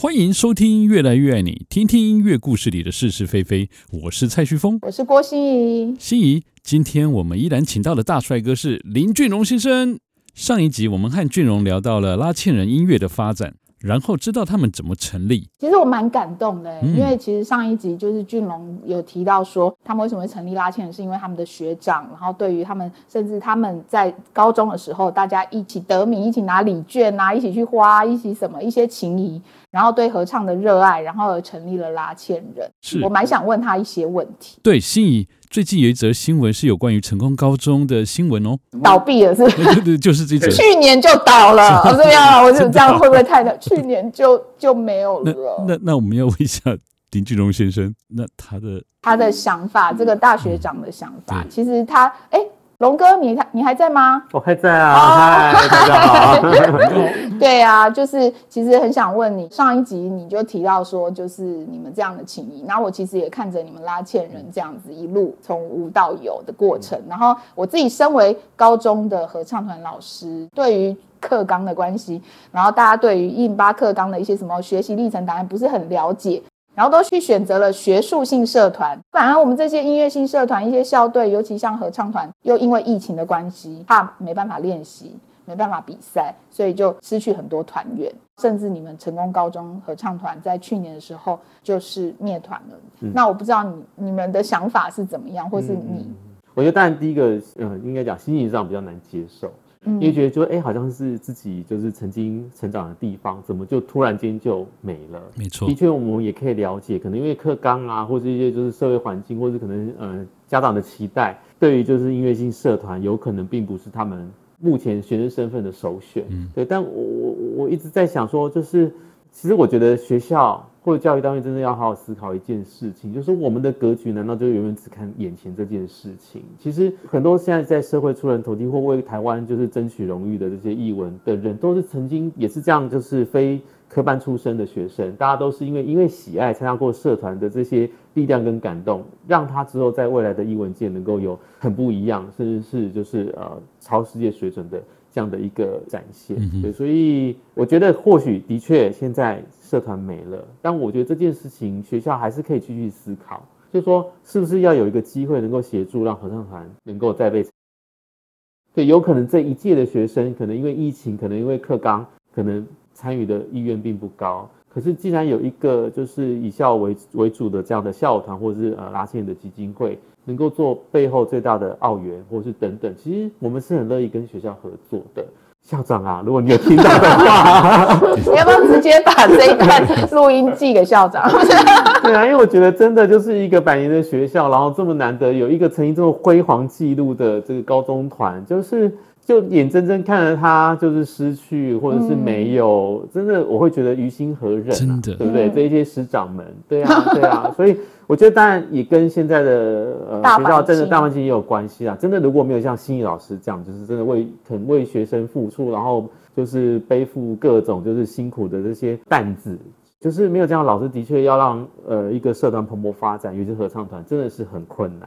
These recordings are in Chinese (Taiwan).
歡迎收聽《樂來越愛你》，聽聽音樂故事裡的是是非非。我是蔡旭峰，我是郭心怡，心怡。今天我們依然請到的大帥哥是林俊龍先生。上一集我們和俊龍聊到了拉縴人音樂的發展。然後知道他們怎麼成立，其實我蠻感動的，嗯、因為其實上一集就是俊龍有提到說他們為什麼會成立拉縴人，是因為他們的學長，然後對於他們，甚至他們在高中的時候，大家一起得名，一起拿禮券啊，一起去花、啊，一起什麼一些情誼，然後對合唱的熱愛，然後而成立了拉縴人。是我蠻想問他一些問題。對，心怡。最近有一則新聞是有關於成功高中的新聞哦，倒閉了是？就是這去年就倒了，對嗎、哦、啊，我覺得這樣會不會太…… 去年就就沒有了？那那，那我們要問一下林俊龍先生，那他的他的想法，嗯、這個大學長的想法，對 其實他哎。欸龍哥，你還你還在嗎？我還在啊。哦、Hi, 對啊，就是其實很想問你，上一集你就提到說，就是你們這樣的情誼。然後，我其實也看着你們拉縴人這樣子一路從無到有的過程。嗯、然後我自己身為高中的合唱團老師，對於課綱的關係，然後大家對於108課綱的一些什麼學習歷程檔案不是很了解。然後都去選擇了學術性社團，反而我們這些音樂性社團，一些校隊，尤其像合唱團，又因為疫情的關係，怕沒辦法練習，沒辦法比賽，所以就失去很多團員，甚至你們成功高中合唱團在去年的時候就是滅團了。嗯、那我不知道你你們的想法是怎麼樣，或是你，嗯嗯嗯、我覺得當然第一個，嗯、呃，應該講心情上比較難接受。因為覺得就哎、欸，好像是自己就是曾經成長的地方，怎麼就突然間就沒了？沒錯，的確我們也可以了解，可能因為課綱啊，或是一些就是社會環境，或者可能呃家長的期待，對於就是音樂性社團，有可能並不是他們目前學生身份的首選。嗯，對，但我我我一直在想說，就是其實我覺得學校。或者教育單位真的要好好思考一件事情，就是我們的格局難道就永遠只看眼前這件事情？其實很多現在在社會出人頭地或為台灣就是爭取榮譽的這些藝文的人，都是曾經也是這樣，就是非。科班出身的學生，大家都是因為因為喜愛參加過社團的這些力量跟感動，讓他之後在未來的藝文界能夠有很不一樣，甚至是就是呃超世界水準的這樣的一個展現。對，所以我覺得或許的確現在社團沒了，但我覺得這件事情學校還是可以繼續思考，就是說是不是要有一個機會能夠協助讓合唱團能夠再被，對，有可能這一屆的學生可能因為疫情，可能因為課綱，可能。參與的意願並不高，可是既然有一個就是以校為為主的這樣的校團，或是呃拉線的基金會，能夠做背後最大的奧援，或是等等，其實我們是很樂意跟學校合作的。校長啊，如果你有聽到的話， 你要不要直接把這一段錄音寄給校長？ 對啊，因為我覺得真的就是一個百年的學校，然後這麼難得有一個曾經這麼輝煌紀錄的這個高中團，就是。就眼睜睜看着他就是失去，或者是沒有，嗯、真的我會覺得於心何忍、啊、真的，對不對？嗯、這一些師長們，對啊，對啊，所以我覺得當然也跟現在的呃學校真的大環境也有關係啊。真的如果沒有像心怡老師這樣，就是真的為肯為學生付出，然後就是背負各種就是辛苦的這些擔子，就是沒有這樣老師，的確要讓呃一個社團蓬勃發展，尤其是合唱團，真的是很困難。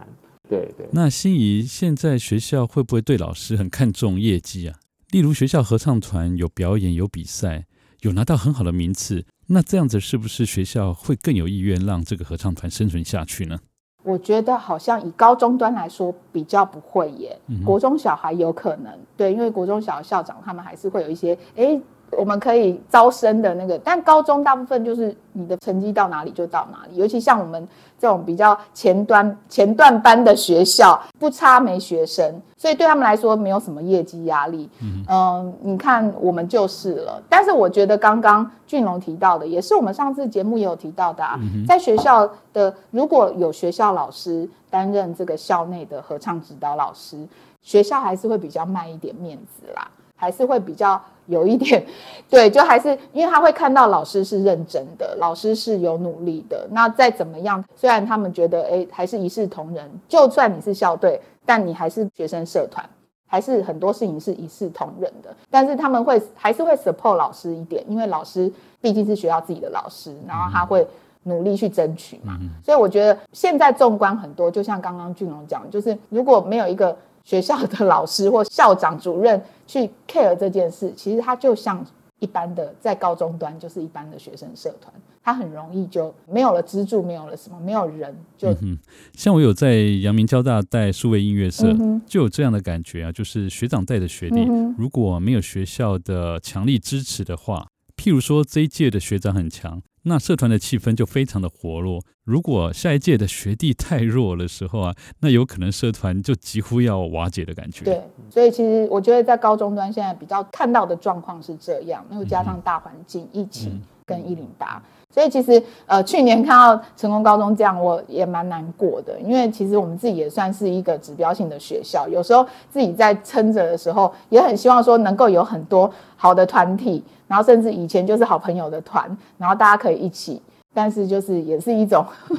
對對，對，那心怡現在學校會不會對老師很看重業績啊？例如學校合唱團有表演、有比賽、有拿到很好的名次，那這樣子是不是學校會更有意願讓這個合唱團生存下去呢？我覺得好像以高中端來說比較不會耶，嗯哼，國中小還有可能，對，因為國中小校長他們還是會有一些誒。我們可以招生的那個，但高中大部分就是你的成績到哪裡就到哪裡，尤其像我們這種比較前端前段班的學校，不差沒學生，所以對他們來說沒有什麼業績壓力。嗯、呃，你看我們就是了。但是我覺得剛剛俊龍提到的，也是我們上次節目也有提到的，啊，在學校的如果有學校老師擔任這個校內的合唱指導老師，學校還是會比較賣一點面子啦。還是會比較有一點，對，就還是因為他會看到老師是認真的，老師是有努力的。那再怎麼樣，雖然他們覺得哎，還是一視同仁，就算你是校隊，但你還是學生社團，還是很多事情是一視同仁的。但是他們會還是會 support 老師一點，因為老師畢竟是學校自己的老師，然後他會努力去爭取嘛。嗯、所以我覺得現在縱觀很多，就像剛剛俊龍講的，就是如果沒有一個。學校的老師或校長、主任去 care 這件事，其實他就像一般的在高中端，就是一般的學生社團，他很容易就沒有了資助，沒有了什麼，沒有人就、嗯。像我有在陽明交大帶數位音樂社，嗯、哼就有這樣的感覺啊，就是學長帶的學歷、嗯、哼如果沒有學校的強力支持的話。譬如說這一屆的學長很強，那社團的氣氛就非常的活絡。如果下一屆的學弟太弱的時候啊，那有可能社團就幾乎要瓦解的感覺。對，所以其實我覺得在高中端現在比較看到的狀況是這樣，那又加上大環境疫情、嗯、跟一零八，所以其實呃去年看到成功高中這樣，我也蠻難過的，因為其實我們自己也算是一個指標性的學校，有時候自己在撐着的時候，也很希望說能夠有很多好的團體。然後甚至以前就是好朋友的團，然後大家可以一起，但是就是也是一種。嗯、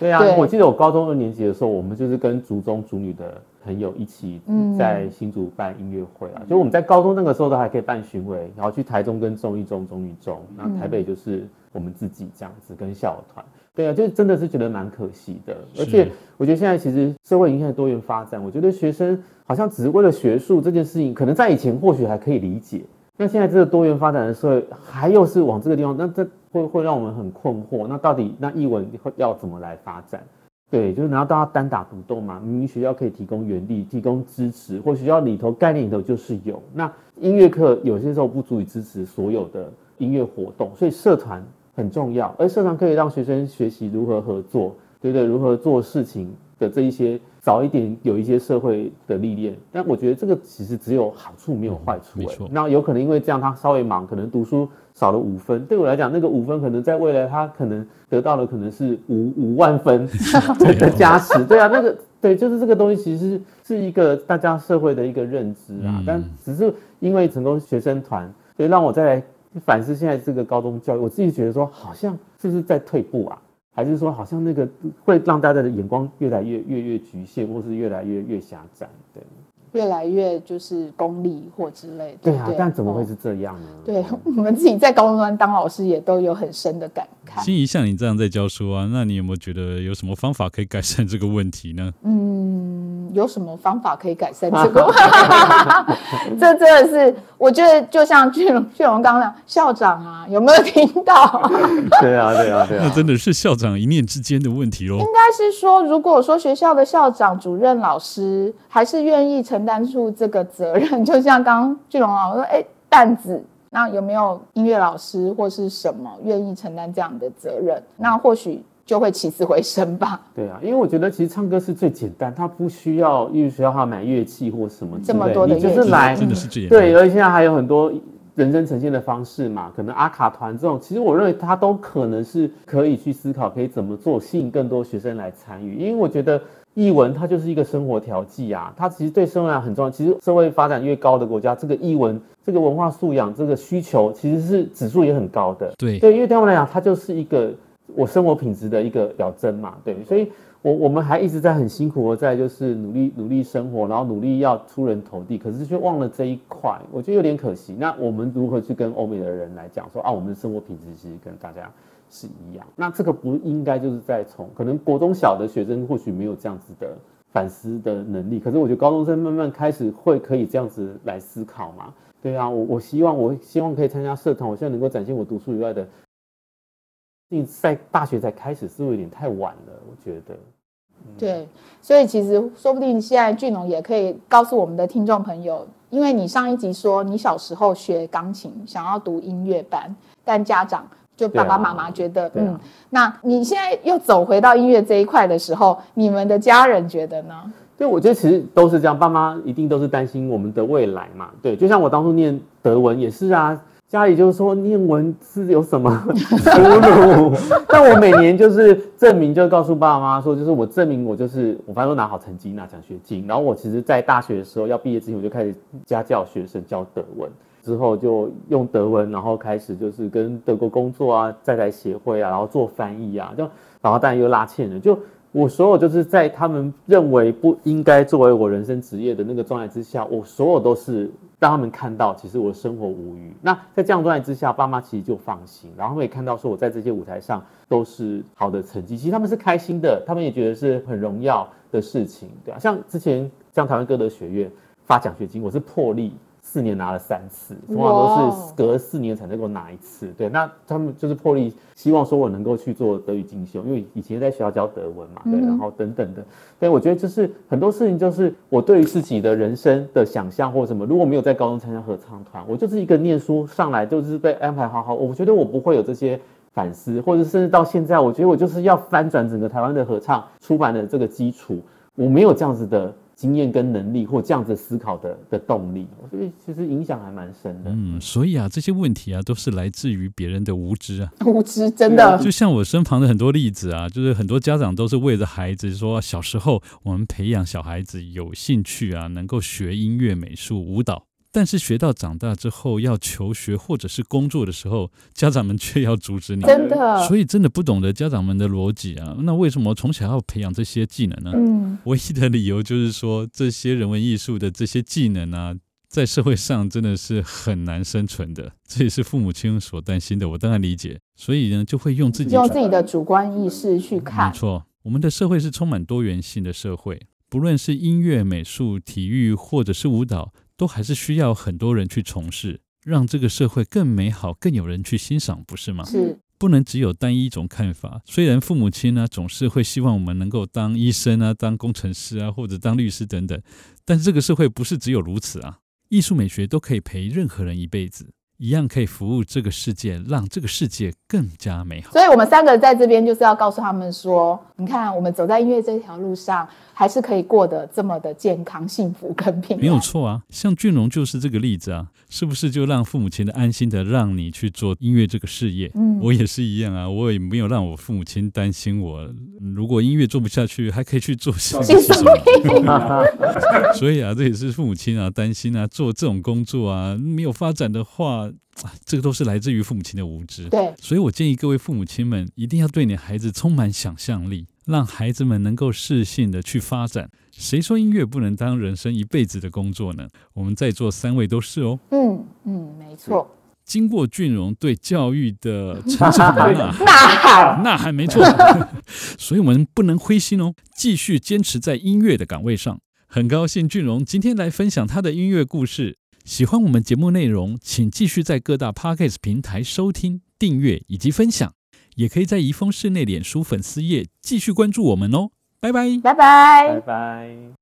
對啊， 對，我記得我高中二年級的時候，我們就是跟竹中、竹女的朋友一起在新竹辦音樂會啊。嗯、就我們在高中那個時候都還可以辦巡迴，嗯、然後去台中跟中一中、中一中，然後台北就是我們自己這樣子跟校團。嗯、對啊，就是真的是覺得蠻可惜的。是而且我覺得現在其實社會影響多元發展，我覺得學生好像只為了學術這件事情，可能在以前或許還可以理解。那現在這個多元發展的社會，還有是往這個地方，那這會會讓我們很困惑。那到底那藝文要怎麼來發展？對，就是難道大家單打獨鬥嗎？明明學校可以提供原力、提供支持，或學校裡頭概念裡頭就是有。那音樂課有些時候不足以支持所有的音樂活動，所以社團很重要，而社團可以讓學生學習如何合作，對不對？如何做事情？的這一些早一點有一些社會的歷練，但我覺得這個其實只有好處沒有壞處誒、嗯。沒錯，那有可能因為這樣他稍微忙，可能讀書少了五分。對我來講，那個五分可能在未來他可能得到的可能是五五萬分的，的加持。 對啊，對啊 那個對，就是這個東西其實是一個大家社會的一個認知啊。嗯、但只是因為成功學生團，所以讓我再來反思現在這個高中教育。我自己覺得說，好像是不是在退步啊？還是說，好像那個會讓大家的眼光越來越越來越侷限，或是越來越越狹窄，對，越來越就是功利或之類的。對啊，對但怎麼會是這樣呢？對，嗯、我們自己在高中端當老師也都有很深的感慨。心怡像你這樣在教書啊，那你有沒有覺得有什麼方法可以改善這個問題呢？嗯。有什麼方法可以改善這個？這真的是我覺得，就像俊龍，俊龍剛講，校長啊，有沒有聽到？ 對啊，對啊，對啊， 那真的是校長一念之間的問題哦。應該是說，如果我說學校的校長、主任、老師還是願意承擔出這個責任，就像剛剛俊龍老師說，誒、欸、擔子，那有沒有音樂老師或是什麼願意承擔這樣的責任？那或許。就會起死回生吧。對啊，因為我覺得其實唱歌是最簡單，它不需要因為學校還要買樂器或什麼這麼多的就是來、嗯、對，而且現在還有很多人生呈現的方式嘛，可能阿卡團這種，其實我認為它都可能是可以去思考，可以怎麼做吸引更多學生來參與。因為我覺得藝文它就是一個生活調劑啊，它其實對生活來講很重要。其實社會發展越高的國家，這個藝文這個文化素養這個需求其實是指數也很高的。對對，因為對我來講，它就是一個。我生活品質的一個表徵嘛，對，所以我我們還一直在很辛苦的在就是努力努力生活，然後努力要出人頭地，可是卻忘了這一塊，我覺得有點可惜。那我們如何去跟歐美的人來講說啊，我們的生活品質其實跟大家是一樣？那這個不應該就是在從可能國中小的學生或許沒有這樣子的反思的能力，可是我覺得高中生慢慢開始會可以這樣子來思考嘛？對啊，我我希望我希望可以參加社團，我希望能夠展現我讀書以外的。在大學才開始，是不是有點太晚了，我覺得。嗯、對，所以其實說不定現在俊龍也可以告訴我們的聽眾朋友，因為你上一集說你小時候學鋼琴，想要讀音樂班，但家長就爸爸媽媽覺得，啊、嗯，啊、那你現在又走回到音樂這一塊的時候，你們的家人覺得呢？對，我覺得其實都是這樣，爸媽一定都是擔心我們的未來嘛。對，就像我當初念德文也是啊。家裡就是說念，文是有什麼出路？但我每年就是證明，就告訴爸爸媽媽說，就是我證明我就是，我反正拿好成績拿獎學金，然後我其實，在大學的時候要畢業之前，我就開始家教學生教德文，之後就用德文，然後開始就是跟德國工作啊，在台協會啊，然後做翻譯啊，就然後當然又拉線了，就。我所有就是在他們認為不應該作為我人生職業的那個狀態之下，我所有都是讓他們看到，其實我生活無虞。那在這樣的狀態之下，爸媽其實就放心，然後他們也看到說我在這些舞台上都是好的成績，其實他們是開心的，他們也覺得是很榮耀的事情，對吧，啊？像之前像台灣歌德學院發獎學金，我是破例。四年拿了三次，通常都是隔四年才能夠拿一次。Oh. 對，那他們就是破例，希望說我能夠去做德語進修，因為以前在學校教德文嘛，對，mm hmm. 然後等等的。所以我覺得就是很多事情，就是我對於自己的人生的想象或什麼，如果沒有在高中參加合唱團，我就是一個念書上來就是被安排好好，我覺得我不會有這些反思，或者甚至到現在，我覺得我就是要翻轉整個台灣的合唱出版的這個基礎，我沒有這樣子的經驗跟能力或這樣子思考的的動力，所以其實影響還蠻深的。嗯，所以啊，這些問題啊，都是來自於別人的無知啊，無知真的。就像我身旁的很多例子啊，就是很多家長都是為着孩子說小時候我們培養小孩子有興趣啊，能夠學音樂、美術、舞蹈。但是學到長大之後要求學或者是工作的時候，家長們卻要阻止你，真的，所以真的不懂得家長們的邏輯啊。那為什麼從小要培養這些技能呢？嗯，唯一的理由就是說這些人文藝術的這些技能啊，在社會上真的是很難生存的，這也是父母親所擔心的。我當然理解，所以呢，就會用自己用自己的主觀意識去看。沒錯，我們的社會是充滿多元性的社會，不論是音樂、美術、體育或者是舞蹈。都還是需要很多人去從事，讓這個社會更美好，更有人去欣賞，不是嗎？是，不能只有單一種看法。雖然父母親呢、啊、總是會希望我們能夠當醫生啊、當工程師啊，或者當律師等等，但是這個社會不是只有如此啊。藝術美學都可以陪任何人一輩子，一樣可以服務這個世界，讓這個世界更加美好。所以，我們三個在這邊就是要告訴他們說。你看，我們走在音樂這條路上，還是可以過得這麼的健康、幸福跟平安。沒有錯啊，像俊龍就是這個例子啊，是不是就讓父母親的安心的讓你去做音樂這個事業？嗯，我也是一樣啊，我也沒有讓我父母親擔心我。如果音樂做不下去，還可以去做其他。嗯、 所以啊，這也是父母親啊擔心啊，做這種工作啊沒有發展的話、啊、這個都是來自於父母親的無知。對，所以我建議各位父母親們一定要對你孩子充滿想象力。讓孩子們能夠適性的去發展。誰說音樂不能當人生一輩子的工作呢？我們在座三位都是哦。嗯嗯，沒錯。經過俊龍對教育的成長， 那好 那還沒錯。 所以，我們不能灰心哦，繼續堅持在音樂的崗位上。很高興俊龍今天來分享他的音樂故事。喜歡我們節目內容，請繼續在各大 Podcast 平台收聽、訂閱以及分享。也可以在宜豐室內臉書粉絲頁繼續關注我們哦，拜拜拜拜拜拜。拜拜。